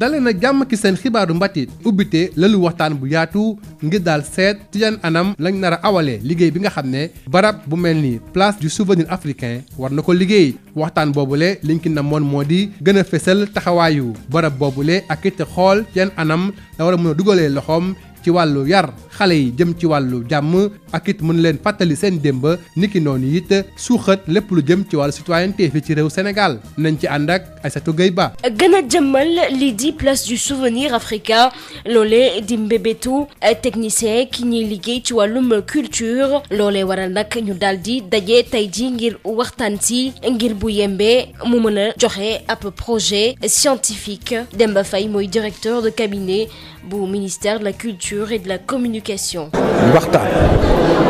dale na jàmm ki seen xibaaru mbatiit ubbite lalu waxtaan bu yaatu ngir daal seet ci yan anam lañ nar a awalee liggéey bi nga xam ne barab bu mel ni place du souvenir africain war na ko liggéey waxtaan boobule liñ na moon moo di gën a fesal taxawaayu barab boobule ak it xool ci yan anam la war a mën dugalee loxoom ci wàllu yar xale yi jëm ci wàllu jàmm ak it mën leen fàttali seen démb niki noonu it suuxat lépp lu jëm ci wàllu citoyenneté fi ci réew Sénégal nañ ci ànd ak Aïssatou Gueye Ba. gën a jëmmal lii di place du souvenir africain loolee di mbébétu eh, technicien ki ñuy liggéey ci wàllum culture loole waral nag ñu daal di daje tey ji ngir waxtaan si ngir bu yembee mu mën a joxe ab projet scientifique Demba Faye mooy directeur de cabinet bu ministère de la culture et de la communication. communication. waxtaan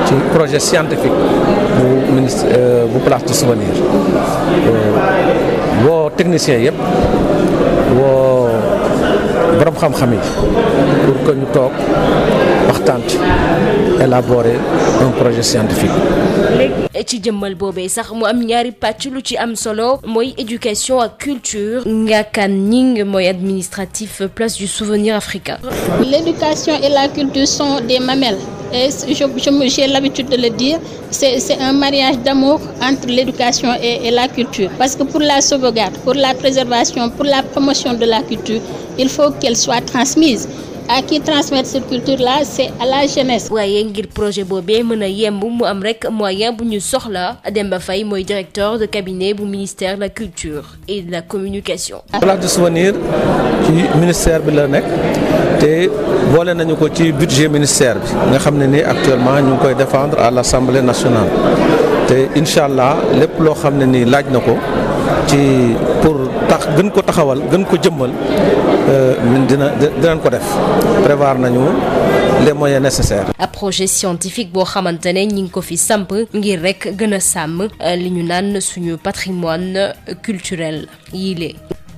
ci projet scientifique bu ministre euh, bu place du souvenir euh, woo techniciens yëpp woo borom xam-xam yi pour que ñu toog waxtaan ci élaborer un projet scientifique. ci jëmmal boobee sax mu am ñaari pàcc lu ci am solo mooy éducation ak culture Ngakan Ning mooy administratif place du souvenir africain. L'éducation et la culture sont des mamelles. Et je, je, j'ai l'habitude de le dire, c'est, c'est un mariage d'amour entre l'éducation et, et la culture. Parce que pour la sauvegarde, pour la préservation, pour la promotion de la culture, il faut qu'elle soit transmise. à qui transmettre cette culture-là c'est à la jeunesse. waaye ngir projet boobee mën a yemb mu am rek moyen bu ñu soxla Demba Faye mooy directeur de cabinet bu ministère la culture la communication. place du souvenir ci ministère bi la nekk te boole nañu ko ci budget ministère bi nga xam ne ni actuellement ñu ngi koy defendre à l'Assemblée nationale te incha allah lépp loo xam ne ni laaj na ko ci pour. tax gën ko taxawal gën ko jëmmal euh, dina dinañ ko def prévoir nañu les moyens nécessaires. ab projet scientifique boo xamante ne ñi ngi ko fi samp ngir rek gën a sàmm euh, li ñu naan suñu patrimoine culturel yile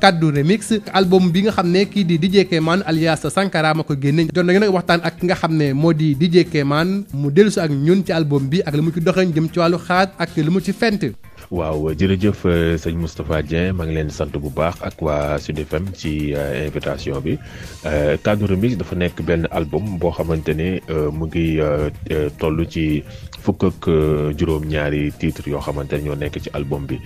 kaddu remix album bi nga xam ne kii di DJ Keman alias Sankara a ko génne doon nañu nag waxtaan ak ki nga xam ne moo di DJ Keman mu dellusi ak ñun ci album bi ak li mu ci doxee jëm ci wàllu xaat ak li mu ci fent waaw jërëjëf euh, sëñ Moustapha Dieng ma ngi leen sant bu baax ak waa Sud FM ci euh, invitation bi Kaddu euh, Remix dafa nekk benn album boo xamante ne mu ngi toll ci fukk ak juróom-ñaari titres yoo xamante ne ñoo nekk ci album bi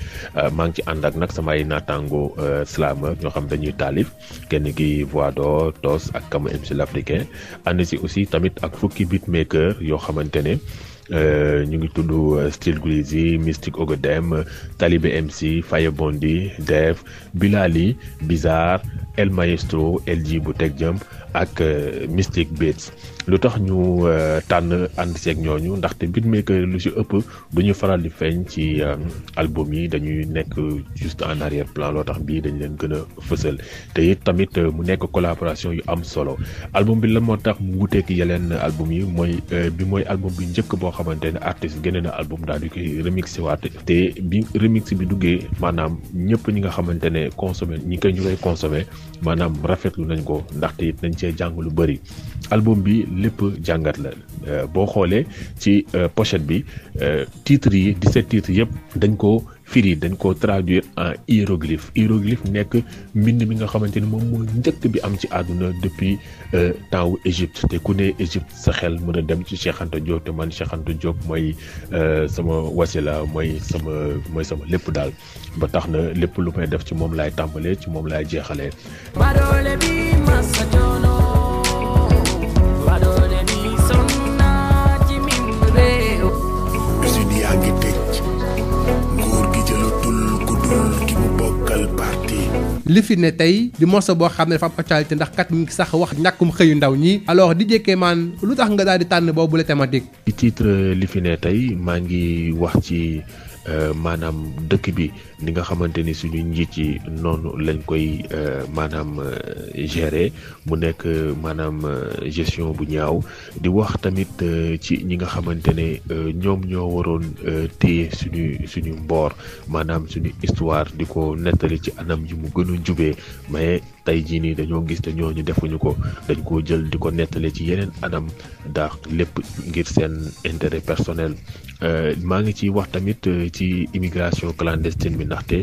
maa ngi ci ànd ak nag samay naataango slameur ñoo xam dañuy taalif kenn ki voix d'or Tos ak Kama MC l'Africain ànd si aussi tamit ak fukki beatmaker yoo xamante ne. Euh, ñu ngi tudd euh, Style Greasy Mystic Ogodem Talibé MC Fayebondi Def Bilali Bizarre El Maestro LG bu Tech jëm ak euh, Mystic Beats lu tax ñu euh, tànn ànd seeg ñooñu ndaxte beatmaker lu ci ëpp du ñu faral di feeñ ci euh, album yi dañuy nekk juste en arrière plan loo tax bii dañu leen gën a fësal te it tamit euh, mu nekk collaboration yu am solo album bi la moo tax mu wuteeki yeneen album yi mooy bi mooy album bi njëkk boo xamante ne artiste génne na album daal di koy remixé waat te bi remix bi duggee maanaam ñëpp ñi nga xamante ne consommé ñi koy ñu koy consommé maanaam rafetlu nañ ko ndaxte it nañ cee jàng lu bëri lépp jàngat la euh, boo xoolee ci euh, pochette bi euh, titres yi 17 titres yëpp dañ ko firi dañ ko traduire en hiéroglyphe hiéroglyphe nekk mbind mi nga xamante ni moom moo njëkk bi am ci àdduna depuis temps wu Égypte te ku ne Égypte sa xel mën a dem ci Cheikh Anta te man Cheikh Anta Diop mooy sama wasila mooy sama mooy sama lépp daal ba tax na lépp lu may def ci moom laay tàmbalee ci moom laay jeexalee. li fi ne tey di morceau boo xam ne fab am ndax kat mi ngi sax wax ñàkkum xëyu ndaw ñi alors DJ Kéman lu tax nga daal di tànn boobu la thématique. ci titre li fi ne tey maa ngi wax ci. Euh, maanaam dëkk bi ni nga xamante ni suñu njiit yi noonu lañ koy euh, maanaam euh, gérer mu nekk maanaam gestion bu ñaaw di wax tamit ci ñi nga xamante ne ñoom ñoo waroon téye suñu suñu mboor maanaam suñu histoire di ko nettali ci anam yi mu gën a jubee tey jii nii dañoo gis ne ñooñu defuñu ko dañ koo jël di ko nettalee ci yeneen anam ndax lépp ngir seen intérêt personnel euh, maa ngi ci wax tamit euh, ci immigration clandestine bi ndaxte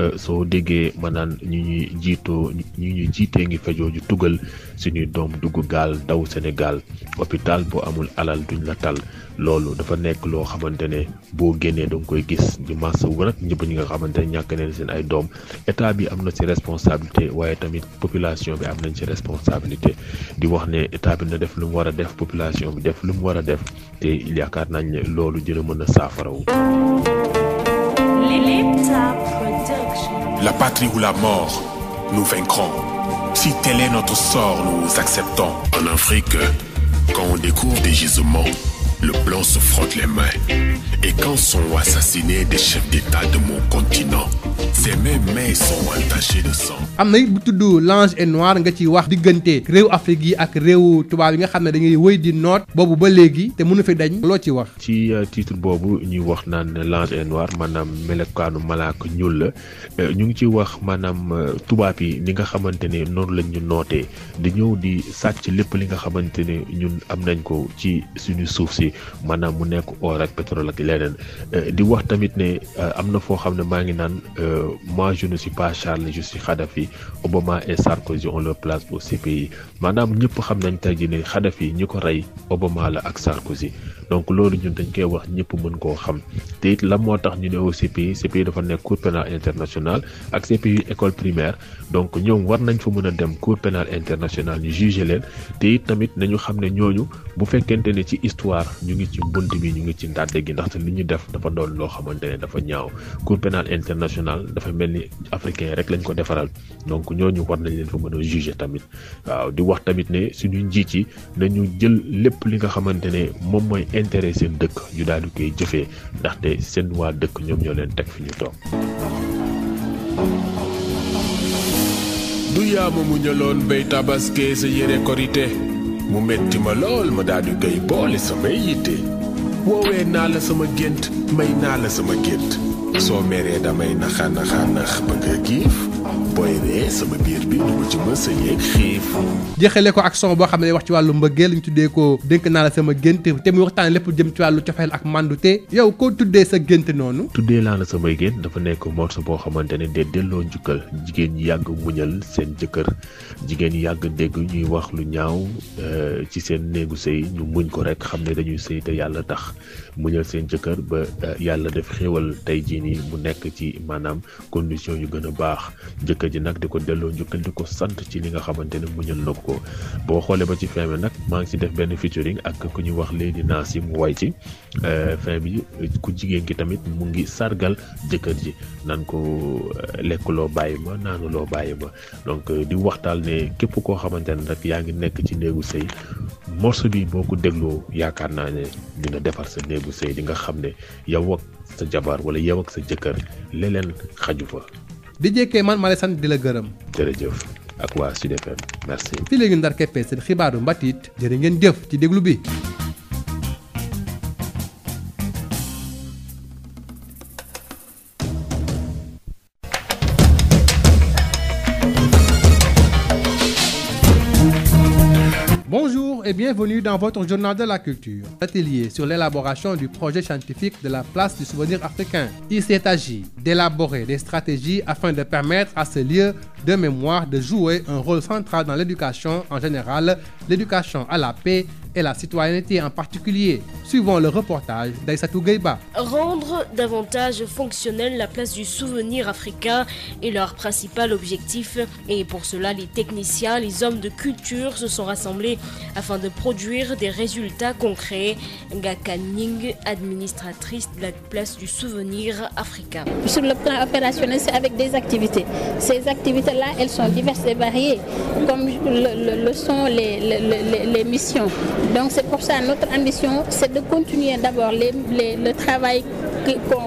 euh, soo déggee maanaam ñu ñuy jiitoo ñu ñu jiitee ngi fejoo ju tugal suñuy doom dugg gaal daw Sénégal hôpital bu amul alal duñ la tal loolu dafa nekk loo xamante ne boo génnee da nga koy gis di masawu nag ñëpp ñi nga xamante ñàkk neen seen ay doom état bi am na ci responsabilité waaye tamit population bi am nañ ci responsabilité di wax ne état bi na def lum mu war a def population bi def lu mu war a def te yaakaar nañ ne loolu dina mën a saafarawu. La patrie Si tel est notre sort, nous acceptons. En Afrique, quand on découvre des gisements, le blanc se frotte les mains. Et quand sont am na it bu tudd l'ange est noir nga ci wax diggante réew Afrique yi ak réewu tubaab yi nga xam ne dañuy wëy di noot boobu ba léegi te mënu fi dañ loo ci wax. ci euh, tiitre boobu ñuy wax naan l'ange est noir maanaam melokaanu malaaka ñuul la euh, ñu ngi ci wax maanaam euh, tubaab yi ni nga xamante ne noonu lañ ñu nootee di ñëw di sàcc lépp li nga xamante ne ñun am nañ ko ci suñu suuf si maanaam mu nekk or ak pétrole ak leneen euh, di wax tamit ne euh, am na foo xam ne maa ngi naan euh, moi je ne suis pas Charles je suis Kadhafi Obama et Sarkozy ont leur place au CPI maanaam ñëpp xam nañ tey jii ne Kadhafi ñi ko rey Obama la ak Sarkozy. donc loolu ñun dañ koy wax ñëpp mën koo xam te it lan moo tax ñu ne au CPI CPI dafa nekk cour pénale internationale ak CPI école primaire donc ñoom war nañ fa mën a dem cour pénale internationale ñu jugé leen te it tamit nañu xam ne ñooñu bu fekkente ne ci histoire ñu ngi ci bunt bi ñu ngi ci ndaate gi ndaxte li ñu def dafa doon loo xamante ne dafa ñaaw cour pénale internationale dafa mel ni africain rek lañ ko defaral donc ñooñu war nañ leen fa mën a jugé tamit waaw di wax tamit ne suñu njiit yi nañu jël lépp li nga xamante ne moom mooy intérêt seen dëkk ñu daal di koy jëfee ndaxte seen waa dëkk ñoom ñoo leen teg fi ñu toog. du yaama mu ñëloon bay tabaské sa yére korité mu metti ma lool ma daal di koy boole samay yitte woowee naa la sama gént may naa la sama gént soo meree damay naxa naxa nax ba giif booy ree sama biir bi lu ma ci mës xiif jeexale ko ak son boo xam ne wax ci wàllu mbëggeel ñu tuddee naa la sama gént waxtaan lépp jëm ci wàllu cofeel ak mandute yow koo tuddee sa gént noonu tuddee naa la samay gént dafa nekk morceau boo xamante ne de delloo njukkal jigéen ñi yàgg muñal seen jëkkër jigéen ñi yàgg dégg ñuy wax lu ñaaw euh, ci seen néegu sëy ñu muñ ko rek xam ne dañuy sëy te yàlla tax muñal seen jëkkër ba euh, yàlla def xewal tey jii nii mu nekk ci maanaam condition yu gën a baax jëkkër jàkka ji nag di ko delloo njukkal di ko sant ci li nga xamante ne muñal na ko boo xoolee ba ci fin nag maa ngi ci def benn featuring ak ku ñuy wax Lady Nas si mu way ci euh, fin bi ku jigéen ki tamit mu ngi sargal jëkkër ji naan ko euh, lekk loo bàyyi ma naanu loo bàyyi ma donc euh, di waxtaal ne képp koo xamante ne rek yaa ngi nekk ci néegu sëy morceau bi boo ko dégloo yaakaar naa ne dina defar sa néegu sëy di nga xam ne yow ak sa jabar wala yow ak sa jëkkër leneen xaju fa Didier Kayman ma lay sant di la gërëm. jërëjëf ak waa Sud FM fi léegi ndar keppee seen xibaaru mbatit jërë ngeen jëf ci déglu bi. Bonjour et bienvenue dans votre journal de la culture. Atelier sur l'élaboration du projet scientifique de la place du souvenir africain. Il s'est agi d'élaborer des stratégies afin de permettre à ce lieu de mémoire de jouer un rôle central dans l'éducation en général, l'éducation à la paix et la citoyenneté en particulier. Suivons le reportage d'Aïssatou Gueiba. Rendre davantage fonctionnelle la place du souvenir africain est leur principal objectif et pour cela les techniciens, les hommes de culture se sont rassemblés afin de produire des résultats concrets. Ngaka Ning, de la place du souvenir africain. Sur le plan opérationnel, c'est avec des activités. Ces activités-là, elles sont diverses et comme le, le, sont les missions. Donc c'est pour ça notre ambition, c'est de continuer d'abord les, les, le travail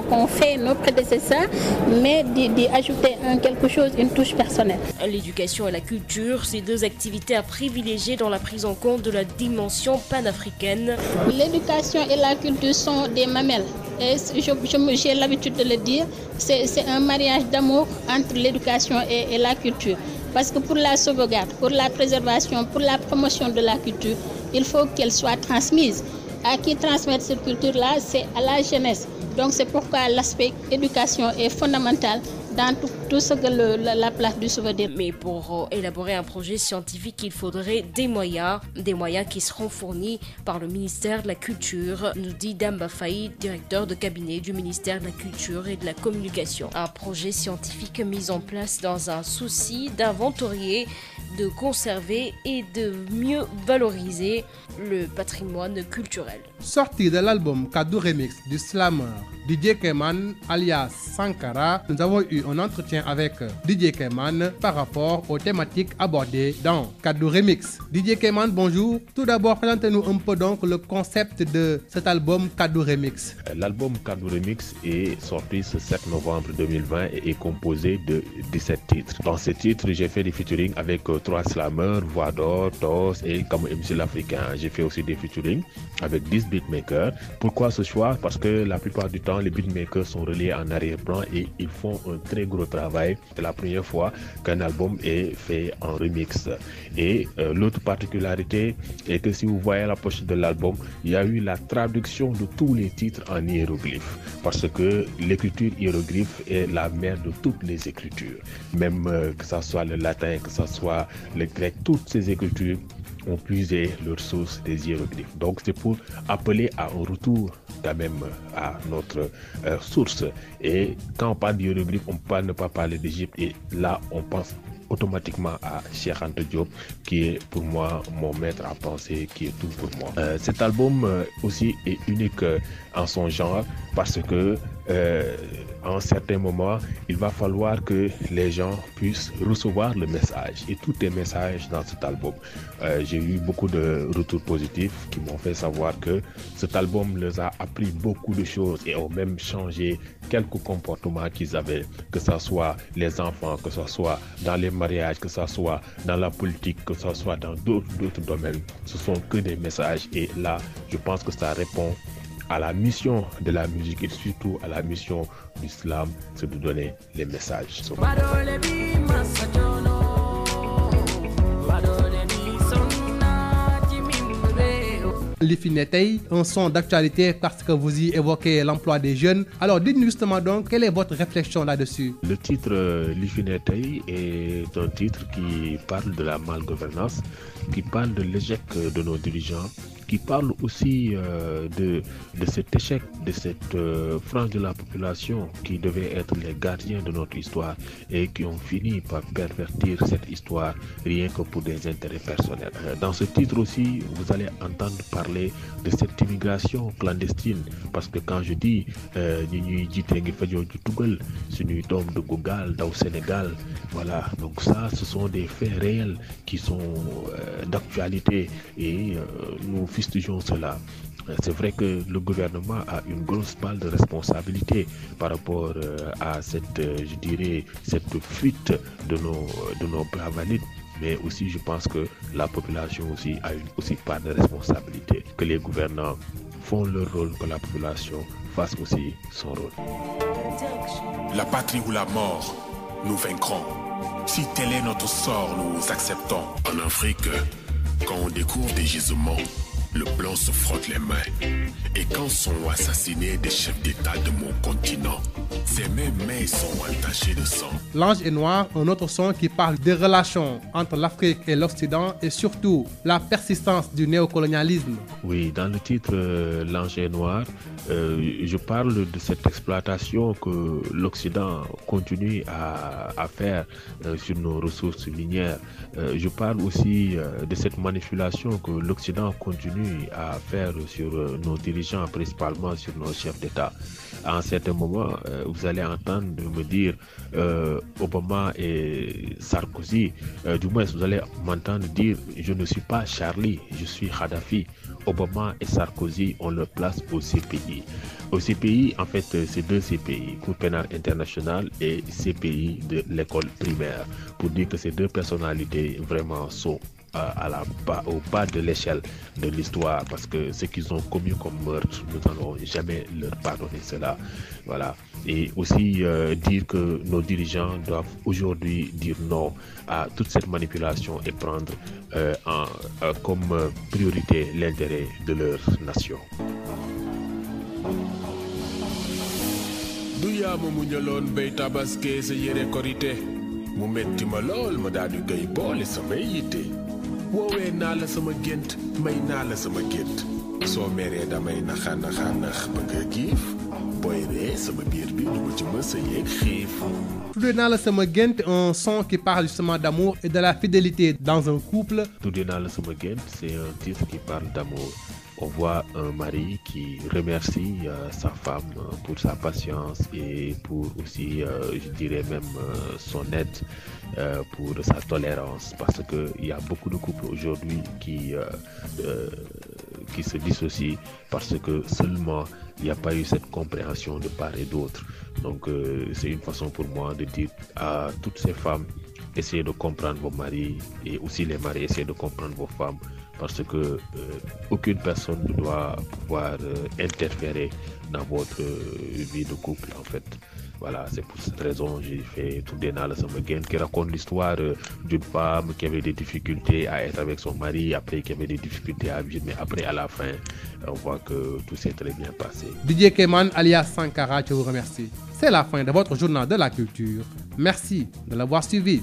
qu'on qu fait nos prédécesseurs, mais d'y ajouter un, quelque chose, une touche personnelle. L'éducation et la culture, ces deux activités à privilégier dans la prise en compte de la dimension panafricaine. L'éducation et la culture sont des mamelles. Et j'ai l'habitude de le dire, c'est un mariage d'amour entre l'éducation et, et la culture. Parce que pour la sauvegarde, pour la préservation, pour la promotion de la culture, il faut qu'elle soit transmise. À qui transmettre cette culture C'est à la jeunesse. Donc c'est pourquoi l'aspect éducation est fondamental dans tout, tout ce que le, la, la, place du souvenir. Mais pour euh, élaborer un projet scientifique, il faudrait des moyens, qui seront fournis par le ministère de la Culture, nous dit Damba directeur de cabinet du ministère de la Culture et de la Communication. Un projet scientifique mis en place dans un souci d'inventorier de conserver et de mieux valoriser le patrimoine culturel. Sorti de l'album Kadou Remix du slammer DJ Keman alias Sankara, nous avons eu un entretien avec DJ Keman par rapport aux thématiques abordées dans Kadou Remix. DJ Keman, bonjour. Tout d'abord, présentez-nous un peu donc le concept de cet album Kadou Remix. L'album Kadou Remix est sorti ce 7 novembre 2020 et est composé de 17 titres. Dans ces titres, j'ai fait des featuring avec euh, trois slammers, Voador, Tos et comme MC l'Africain. J'ai fait aussi des featuring avec beatmakers. Pourquoi ce choix Parce que la plupart du temps, les beatmakers sont reliés en arrière-plan et ils font un très gros travail. C'est la première fois qu'un album est fait en remix. Et euh, l'autre particularité est que si vous voyez la poche de l'album, il y a eu la traduction de tous les titres en hiéroglyphe. Parce que l'écriture hiéroglyphe est la mère de toutes les écritures. Même euh, que ce soit le latin, que ce soit le grec, toutes ces écritures ont puisé leur source des hiéroglyphes. Donc c'est pour appeler à un retour quand même à notre euh, source. Et quand on parle d'hiéroglyphes, on peut ne pas parler d'Égypte. Et là, on pense automatiquement à Cheikh Ante Diop, qui est pour moi mon maître à penser, qui est tout pour moi. Euh, cet album euh, aussi est unique euh, en son genre parce que euh, en certains moments, il va falloir que les gens puissent recevoir le message et tout est message dans cet album. Euh, J'ai eu beaucoup de retours positifs qui m'ont fait savoir que cet album les a appris beaucoup de choses et ont même changé quelques comportements qu'ils avaient, que ce soit les enfants, que ce soit dans les mariages, que ce soit dans la politique, que ce soit dans d'autres domaines. Ce sont que des messages et là, je pense que ça répond à la mission de la musique et surtout à la mission d'Islam, c'est donner les messages. li fi ne tey un son d'actualité parce que vous y évoquez l'emploi des jeunes alors dites-nous justement donc quelle est votre réflexion là-dessus le titre euh, li fi ne tey est un titre qui parle de la malgouvernance qui parle de l'échec euh, de nos dirigeants qui parle aussi euh, de de cet échec de cette euh, de la population qui devait être les gardiens de notre histoire et qui ont fini par pervertir cette histoire rien que pour des intérêts personnels. Euh, dans ce titre de cette immigration clandestine parce que quand je dis euh, ñi ñuy jiite ngi fajoo ju tugal suñuy doom dugg gaal daw Sénégal voilà donc ça ce sont des faits réels qui sont euh, d'actualité et euh, nous fustigeons cela c'est vrai que le gouvernement a une grosse balle de responsabilité par rapport euh, à cette euh, je dirais cette fuite de nos de mais aussi je pense que la population aussi a une aussi part de responsabilité, que les gouvernants font leur rôle, que la population fasse aussi son rôle. La patrie ou la mort, nous vaincrons. Si tel est notre sort, nous acceptons. En Afrique, quand on découvre des gisements, le blanc se frotte les mains. Et quand sont assassinés des chefs d'État de mon continent, Ses mêmes mains sont entachées de sang. L'ange est noir, un autre son qui parle des relations entre l'Afrique et l'Occident et surtout la persistance du néocolonialisme. Oui, dans le titre euh, L'ange est noir, euh, je parle de cette exploitation que l'Occident continue à, à faire euh, sur nos ressources minières. Euh, je parle aussi euh, de cette manipulation que l'Occident continue à faire sur euh, nos dirigeants, principalement sur nos chefs d'État. à un certain moment, euh, vous allez entendre me dire euh, Obama et Sarkozy. Euh, du moins, vous allez m'entendre dire Je ne suis pas Charlie, je suis Kadhafi. Obama et Sarkozy ont leur place au CPI. Au CPI, en fait, euh, c'est deux CPI, Cour pénale internationale et CPI de l'école primaire, pour dire que ces deux personnalités vraiment sont à la bas, au de l'échelle de l'histoire parce que ce qu'ils ont commis comme meurtre, nous n'allons jamais leur pardonner cela. Voilà. Et aussi euh, dire que nos dirigeants doivent aujourd'hui dire non à toute cette manipulation et prendre euh, euh, comme euh, priorité l'intérêt de leur nation. du yaamu mu ñëloon bay tabaskee sa yére mu metti ma lool ma daal di koy boole woowee naa la sama gént may naa la sama gént soo meree damay naxa naxa nax ba nga giif booy sama biir bi du ma ci mës yéeg xiif tuddee naa la sama gént un son qui parle justement d'amour et de la fidélité dans un couple tuddee naa la sama gént c'est un titre qui parle d'amour on voit un mari qui remercie euh, sa femme euh, pour sa patience et pour aussi, euh, je dirais même, euh, son aide euh, pour sa tolérance. Parce qu'il y a beaucoup de couples aujourd'hui qui, euh, qui se dissocient parce que seulement il n'y a pas eu cette compréhension de part et d'autre. Donc c'est une façon pour moi de dire à toutes ces femmes, essayez de comprendre vos maris et aussi les maris, essayez de comprendre vos femmes parce que euh, aucune personne ne doit pouvoir euh, interférer dans votre euh, vie de couple en fait voilà c'est pour cette raison j'ai fait tourner dans le Samagen qui raconte l'histoire euh, d'une femme qui avait des difficultés à être avec son mari après qui avait des difficultés à vivre mais après à la fin on voit que tout s'est très bien passé Didier Keman alias Sankara je vous remercie c'est la fin de votre journal de la culture merci de l'avoir suivi